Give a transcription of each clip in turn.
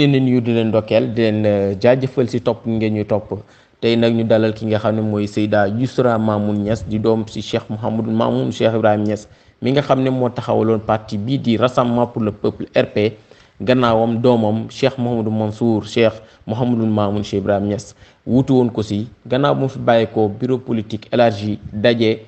leen nuyu di leen dokkeel di leen euh, jaajëfal si topp ngeen ñu topp tey nag ñu dalal ki nga xam ne mooy Seyda Yousra Mamoun Niass di doom si Cheikh Mouhamadul Mamoun sheikh Ibrahim Niass mi nga xam ne moo taxawaloon parti bii di Rassemblement pour le Peuple RP gannaawam doomam Cheikh Mouhamadul Mansour Cheikh Mouhamadul Mamoun Cheikh Ibrahim Niass wutu woon ko si gannaaw bu mu fi bàyyeekoo bureau politique élargi daje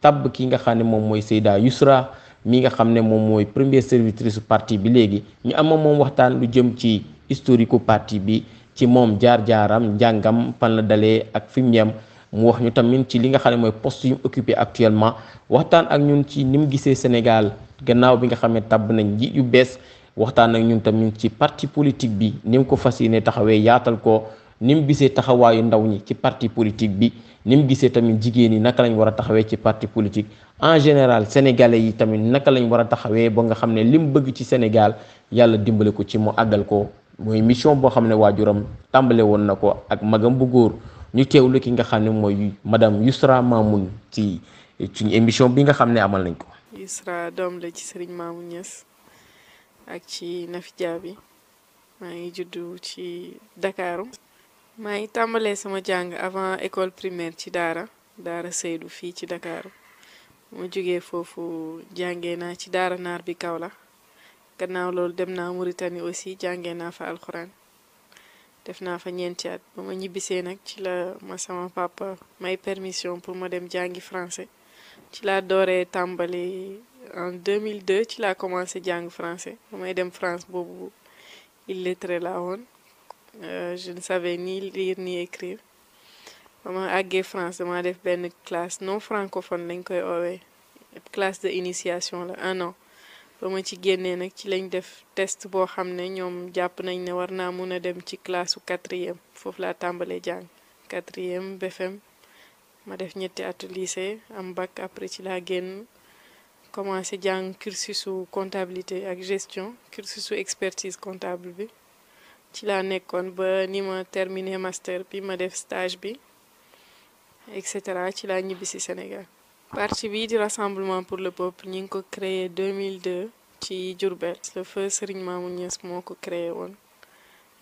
tabb ki nga xam ne moom mooy Seyda Yousra mi nga xam ne moom mooy première servitrice su bi léegi ñu am moom waxtaan lu jëm ci historique parti bi ci moom jaar-jaaram njàngam fan la dalee ak fi mu yem mu wax ñu tamit ci li nga xam ne mooy post yu mu occupé actuellement waxtaan ak ñun ci ni mu gisee Sénégal gannaaw bi nga xam ne tàbb nañ njiit yu bees waxtaan ak ñun tamit ci parti politique bi ni mu ko fas yéene taxawee yaatal ko. ni mu gisee taxawaayu ndaw ñi ci parti politique bi ni mu gisee tamit jigéen ñi naka lañ war a taxawee ci parti politique en général sénégalais yi tamit naka lañu war a taxawee ba nga xam ne li mu bëgg ci Sénégal yàlla dimbale ko ci mu àggal ko mooy mission boo xam ne waajuram tàmbale woon na ko ak magam bu góor ñu lu ki nga xam ne mooy madame Yusra Mamoun ci ci émission bi nga xam ne amal nañ ko. ci Serigne Mamoun Niass ak ci Nafi Diaby maa ngi juddu ci Dakar. maa ngi tàmbalee sama jàng avant école primaire ci daara daara Seydou fii ci Dakar mu jógee foofu jàngee naa ci daara naar bi kaw la gannaaw loolu dem naa Mauritanie aussi jàngee naa fa alxuraan def naa fa ñeenti at ma ñibbisee nag ci la ma sama papa may permission pour ma dem jàngi français ci la dooree tàmbali en 2002 ci laa commencé jàng français ba may dem France boobu illettré la woon Euh, je ne savais ni lire ni écrire En France def classe non francophone une classe de initiation un an Pour moi, ci ci lañ test pour dem classe quatrième 4 quatrième BFM ma def ñetti at lycée am bac après ci la commencé comptabilité gestion cursus expertise comptable ci laa nekkoon ba ni ma terminé master bi ma def stage bi et cetera ci laa ñibbi si Sénégal. parti bii di rassemblement pour le peuple ñu ngi ko créer 2002 ci Diourbel le feu Serigne Mamoune Niass moo ko créé woon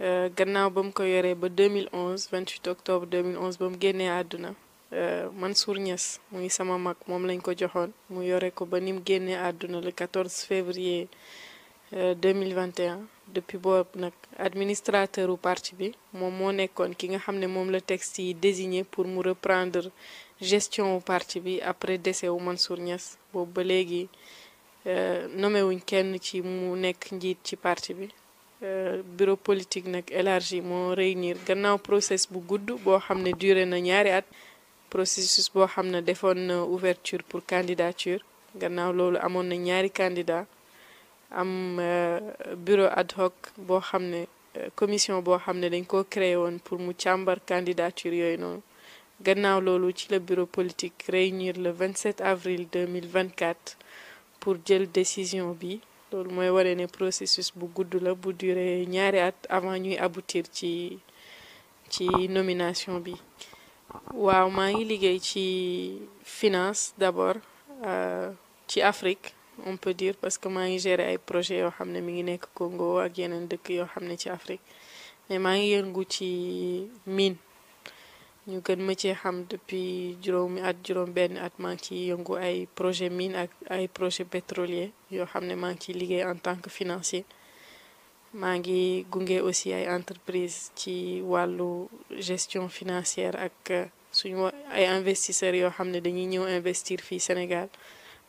euh, gannaaw ba mu ko yoree ba mille 2011 28 octobre 2011 ba mu génnee àdduna man euh, Mansour Niass muy sama mag moom lañ ko joxoon mu yore ko ba ni mu génnee àdduna le 14 février 2021. Euh, depuis bob nak administrateur ou parti bi mom mon nekkone ki nga xamné ne la texte désigné pour mu reprendre gestion ou parti bi après décès wu Mansour Niass bob ba léegi euh, nommé wuñ kenn ci mu nekk njit ci parti bi euh, bureau politique nak élargi mon réunir gannaaw process bu gudd bo xamné ne duré na ñaari at processus bo xamné ne ouverture pour candidature gannaaw lolu amoon na ñaari candidat am euh, bureau ad hoc boo xam ne euh, commission boo xam ne dañ ko créé woon pour mu càmbar candidature yooyu noonu gannaaw loolu ci la bureau politique réunir le 27 avril 2024 pour jël décision bi loolu mooy waree ne processus bu gudd la bu duré ñaari at avant ñuy aboutir ci ci nomination bi waaw maa ngi liggéey ci finance d'abord euh, ci Afrique on peut dire parce que maa ngi ay projet yoo xam ne mi ngi Congo ak yeneen dëkk yoo xam ci Afrique mais maa ngi yëngu ci mine ñu gën ma cee xam depuis juróomi at juróom Ben at maa qui ciy yëngu ay projet mine ak ay projet pétrolier au xam ne maa ngi en tant que financier mangi gungé aussi ay entreprise ci walu gestion financière ak suñu ay investisseurs yo xamné dañuy ñëw investir fi Sénégal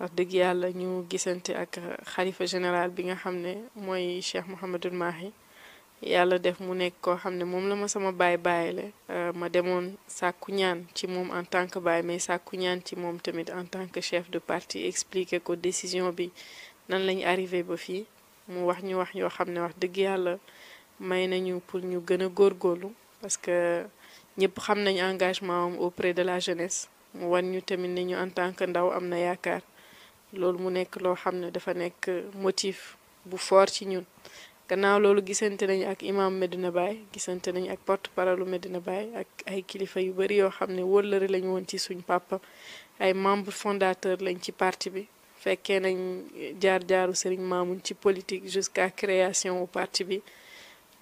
wax dëgg yàlla ñu gisante ak xalifa général bi nga xam ne mooy Cheikh Mouhamadul Mahi yàlla def mu nekk koo xam ne moom la ma sama baay bàyyile euh, ma demoon sàkku ñaan ci moom en tant que baay mais sàkku ñaan ci moom tamit en tant que chef de parti expliquer ko décision bi nan lañ arrivé ba fii mu wax ñu wax yoo xam ne wax dëgg yàlla may nañu pour ñu gën a góorgóorlu parce que ñëpp xam nañ engagement am auprès de la jeunesse mu wan ñu tamit ne ñu en tant que ndaw am na yaakaar loolu mu nekk loo xam ne dafa nekk motif bu fort ci ñun gannaaw loolu gisante nañu ak imam meddina Baye gisante nañ ak porte paralu meddina Baye ak ay kilifa yu bari yoo xam ne wëllëre lañu woon ci suñ papa ay membre fondateur lañ ci parti bi fekkee nañ jaar-jaaru Serigne Mamoun ci politique jusqu'à création u parti bi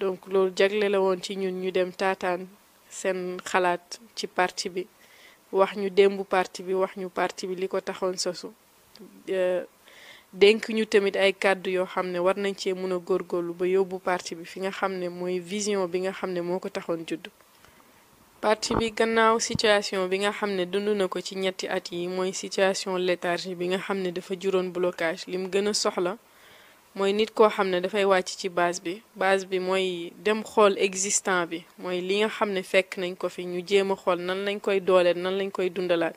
donc loolu jagle la woon ci ñun ñu dem taataan seen xalaat ci parti bi wax ñu démbu parti bi wax ñu parti bi li ko taxoon sosu Euh, dénk ñu tamit ay kàddu yoo xam ne war nañ cee mën a góor góorlu ba yóbbu parti bi fi nga xam ne mooy vision bi nga xam ne moo ko taxoon juddu parti bi gannaaw situation bi nga xam ne dund na ko ci ñetti at yi mooy situation léthargie bi nga xam ne dafa juróon blocage lim gën a soxla mooy nit koo xam ne dafay wàcc ci base bi base bi mooy dem xool existant bi mooy li nga xam ne fekk nañ ko fi ñu jéem a xool nan lañ koy dooleel nan lañ koy dundalaat.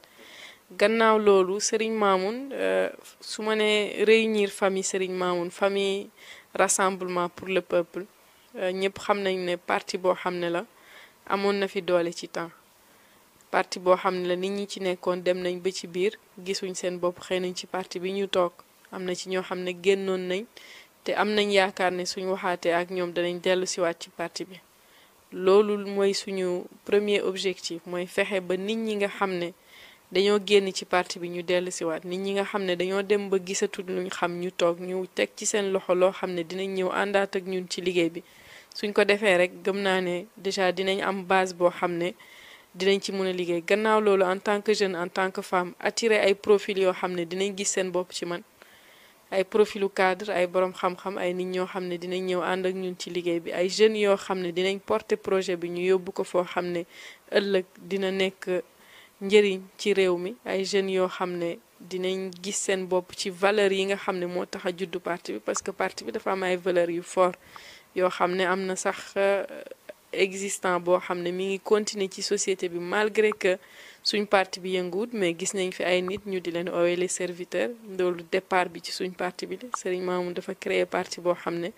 gannaaw loolu Serigne Mamoun euh, su ma nee réunir famille Serigne Mamoun famille rassemblement pour le peuple euh, ñëpp xam nañ ne parti boo xam ne la amoon na fi doole ci temps parti boo xam ne la nit ñi ci nekkoon dem nañ ba ci biir gisuñ seen bopp xëy nañ ci parti bi ñu toog am na ci ñoo xam ne génnoon nañ te am nañ yaakaar ne suñ waxaatee ak ñoom danañ dellu siwaat ci parti bi loolu mooy suñu premier objectif mooy fexe ba nit ñi nga xam ne. dañoo génn ci partie bi ñu dellu siwaat nit ñi nga xam ne dañoo dem ba gisatul luñ xam ñu toog ñu teg ci seen loxo loo xam ne dinañ ñëw àndaat ñun ci liggéey bi suñ ko defee rek gëm naa ne déjà dinañ am base boo xam ne dinañ ci mën a liggéey gannaaw loolu en tant que jeune en tant que femme attirer ay profil yoo xam ne dinañ gis seen bopp ci man ay profilu cadre ay borom xam ay nit ñoo xam ne dinañ ñëw ànd ak ñun ci liggéey bi ay jeunes yoo xam ne dinañ porter projet bi ñu yóbbu ko foo xam ne ëllëg dina nekk njëriñ ci réew mi ay jeunes yoo xam ne dinañ gis seen bopp ci valeur yi nga xam ne moo tax a juddu parti bi parce que parti bi dafa am ay valeur yu fort yoo xam ne am na sax euh, existant boo xam ne mi ngi continuer ci société bi malgré que suñ parti bi yënguwut mais gis nañ fi ay nit ñu di leen oowee les serviteurs loolu départ bi ci suñ parti bi la Serigne Mamoun dafa créer parti boo xam ne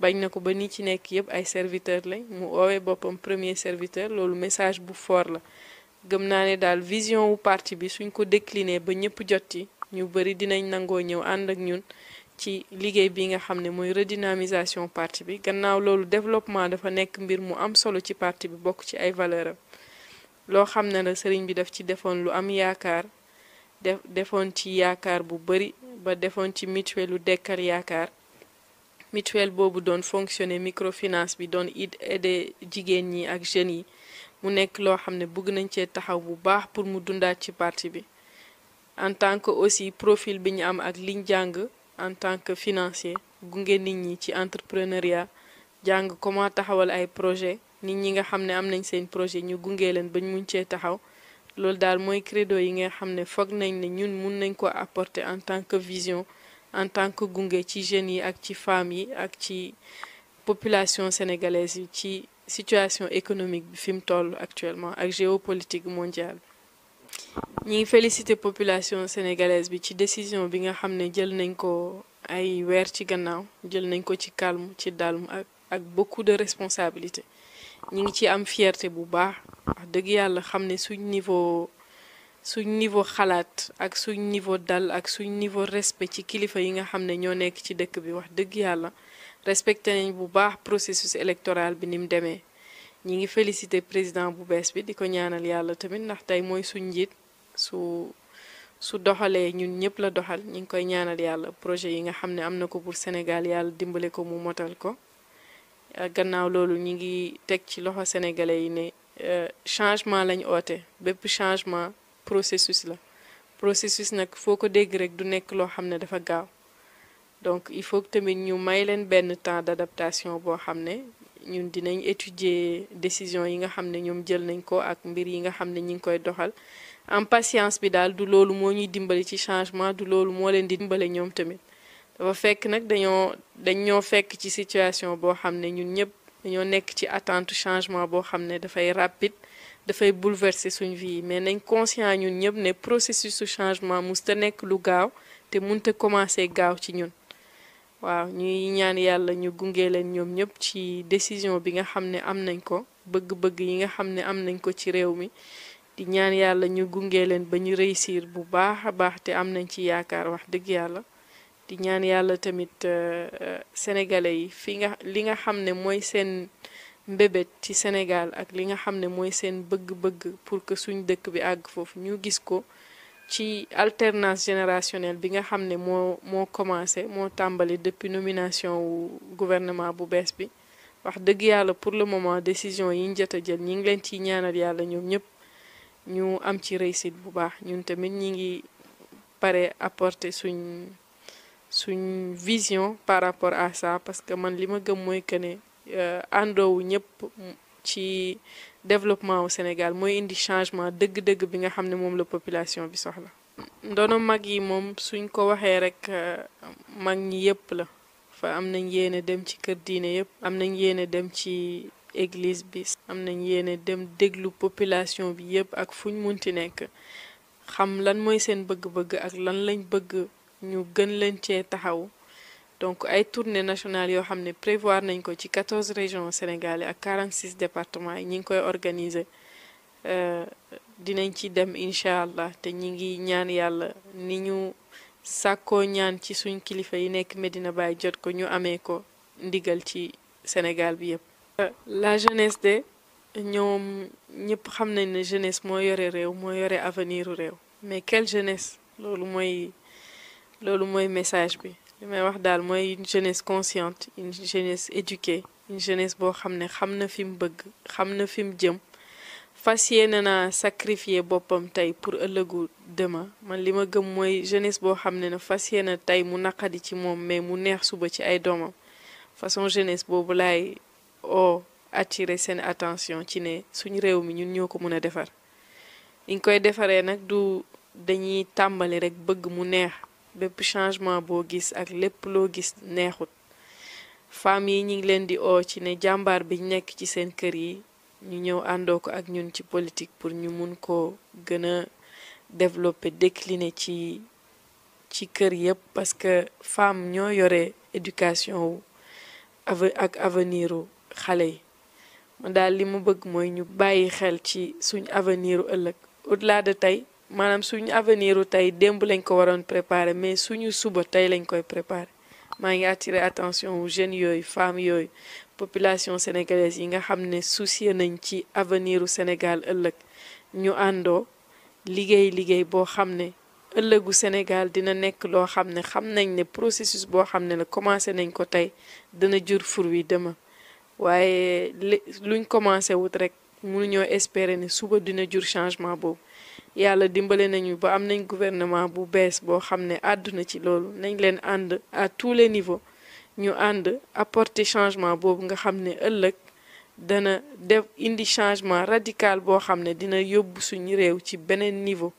bañ na ko ba ni ci nekk yëpp ay serviteurs lañ mu oowee boppam premier serviteur loolu message bu fort la gëm naa ne daal vision wu parti bi suñ ko décliner ba ñëpp jot ci ñu bëri dinañ nangoo ñëw ànd ak ñun ci liggéey bi nga xam ne mooy redinamisation parti bi gannaaw loolu développement dafa nekk mbir mu am solo ci parti bi bokk ci ay valeur am loo xam ne la sëriñ bi def ci defoon lu am yaakaar def defoon ci yaakaar bu bëri ba defoon ci mutuelle lu dekkal yaakaar mutuelle boobu doon fonctionner microfinance bi doon it aider jigéen ñi ak jeunes yi mu nekk loo ne bëgg nañ cee taxaw bu baax pour mu parti en tant que profil bi ñu am ak liñ en tant que financier gunge nit ñi ci entrepreneuriat jàng comment taxawal ay projet nit ñi nga ne am nañ projet ñu bañ credo ne ko apporter en tant que vision en tant que gunge ci jeunes yi ak ci population sénégalaise situation économique bi fim toll actuellement ak géopolitique mondiale ñi ngi population sénégalaise bi ci décision bi nga xam ne jël nañ ko ay weer ci gannaaw jël nañ ko ci calme ci dalm ak ak beaucoup de responsabilité ñi ngi ci am fierté bu baax wax dëgg yàlla xam ne suñ niveau suñ niveau xalaat ak suñ niveau dal ak suñ niveau respect ci kilifa yi nga xam ne ñoo nekk ci dëkk bi wax dëgg yàlla respecté bu baax processus électoral bi ni mu demee ñi ngi félicité président bu bees bi di ko ñaanal yàlla tamit ndax tey mooy suñ njiit su su doxalee ñun ñëpp la doxal ñu ngi koy ñaanal yàlla projet yi nga xam ne am na ko pour Sénégal yàlla dimbale ko mu motal ko euh, gannaaw loolu ñi ngi teg ci loxo sénégalais yi ne euh, changement lañu oote bépp changement processus la processus nag foo ko dégg rek du nekk loo xam ne dafa gaaw donc il faut que tamit ñu may leen benn temps d'adaptation boo xam ne ñun dinañ étudier décision yi nga xam ne ñoom jël nañ ko ak mbir yi nga xam ne ñi ngi koy doxal en patience bi daal du loolu moo ñuy dimbali ci changement du loolu moo leen di dimbali ñoom tamit dafa fekk nag dañoo dañoo fekk ci situation boo xam ne ñun ñëpp dañoo nekk ci attente changement boo xam ne dafay rapide dafay bouleverser suñ vie mais nañ conscient ñun ñëpp ne processus su changement mus te nekk lu gaaw te munta commencé gaaw ci ñun waaw ñuy ñaan yàlla ñu gunge leen ñoom ñëpp ci décision bi nga xam ne am nañ ko bëgg-bëgg yi nga xam ne am nañ ko ci réew mi di ñaan yàlla ñu gunge leen ba ñu réussir bu baax a baax te am nañ ci yaakaar wax dëgg yàlla di ñaan yàlla tamit euh, euh, sénégalais yi fi nga li nga xam ne mooy seen mbébét ci Sénégal ak li nga xam ne mooy seen bëgg-bëgg pour que suñ dëkk bi àgg foofu ñu gis ko ci alternance générationnelle bi nga xam ne moo moo commencé moo tàmbali depuis nomination wu gouvernement bu bees bi wax dëgg yàlla pour le moment décision yi ñu jot a jël ñi ngi leen ci ñaanal yàlla ñoom ñëpp ñu am ci réussite bu baax ñun tamit ñi ngi pare apporter suñ suñ vision par rapport à ça parce que man li ma gëm mooy que ne euh, àndoowu ñëpp ci développement au Sénégal mooy indi changement dëgg-dëgg bi nga xam ne moom la population bi soxla. ndono mag yi moom suñ ko waxee rek euh, mag ñi yépp la fa am nañ yéene dem ci kër diine yépp am nañ yéene dem ci église bi am nañ yéene dem déglu population bi yépp ak fuñ munti nekk xam lan mooy seen bëgg-bëgg ak lan lañ bëgg ñu gën leen cee taxaw donc ay tournée nationale yoo xam ne prévoir nañ ko ci 14 régions sénégalais ak 46 départements yi ñi ngi koy organiser euh, dinañ ci dem incha allah te ñi ngi ñaan yàlla ni ñu sàkkoo ñaan ci suñ kilifa yi nekk Medina Baye jot ko ñu amee ko ndigal ci Sénégal bi yépp euh, la jeunesse de ñoom ñëpp xam nañ ne jeunesse moo yore réew moo yore avenir u réew mais quelle jeunesse loolu mooy loolu mooy message bi li wax daal mooy une jeunesse consciente une jeunesse éduquée une jeunesse boo xam ne xam na fi mu bëgg xam na fi mu jëm fas yéene naa sacrifier boppam tey pour ëllëgu demain man li ma gëm mooy jeunesse boo xam ne ne fas yéene tey mu naqadi ci moom mais mu neex suba ci ay doomam façon jeunesse boobu laay oo attirer seen attention ci ne suñu réew mi ñun ñoo ko mën a defar liñ koy defaree nag du dañuy tàmbali rek bëgg mu neex bépp changement boo gis ak lépp loo gis neexut femmes yi ñu ngi leen di oo ci ne jàmbaar bi nekk ci seen kër yi ñu ñëw àndoo ko ak ñun ci politique pour ñu mun koo gën a développer décliner ci ci kër yëpp parce que femme ñoo yore éducation wu ak avenir xale yi man daal li mu bëgg mooy ñu bàyyi xel ci suñ avenir ëllëg au-delà tey maanaam suñu avenir tey demb lañ ko waroon préparer mais suñu suba tey lañ koy préparer maa ngi attirer attention wu jeunes yooyu femmes yooyu population sénégalaise yi nga xam ne soucier nañ ci avenir Sénégal ëllëg ñu àndoo liggéey liggéey boo xam ne ëllëgu Sénégal dina nekk loo xam ne xam nañ ne processus boo xam ne la commencé nañ ko tey dana jur fruit demain waaye luñ commencé wut rek ñoo espérer ne suba dina jur changement boobu yàlla dimbale nañu ba am nañ gouvernement bu bees boo xam ne àdduna ci loolu nañ leen ànd à tous les niveaux ñu ànd apporter changement boobu nga xam ne ëllëg dana def indi changement radical boo xam ne dina yóbbu suñu réew ci beneen niveau.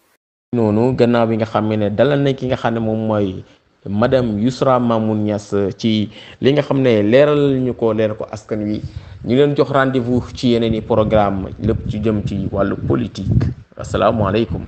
noonu gannaaw bi nga xam ne dalal na ki nga xam ne moom mooy madame yusra mamoun nias ci li nga xamne leral ñu ko leral ko askan wi ñu leen jox rendez-vous ci yeneeni programme lepp ci jëm ci walu politique assalamu alaykum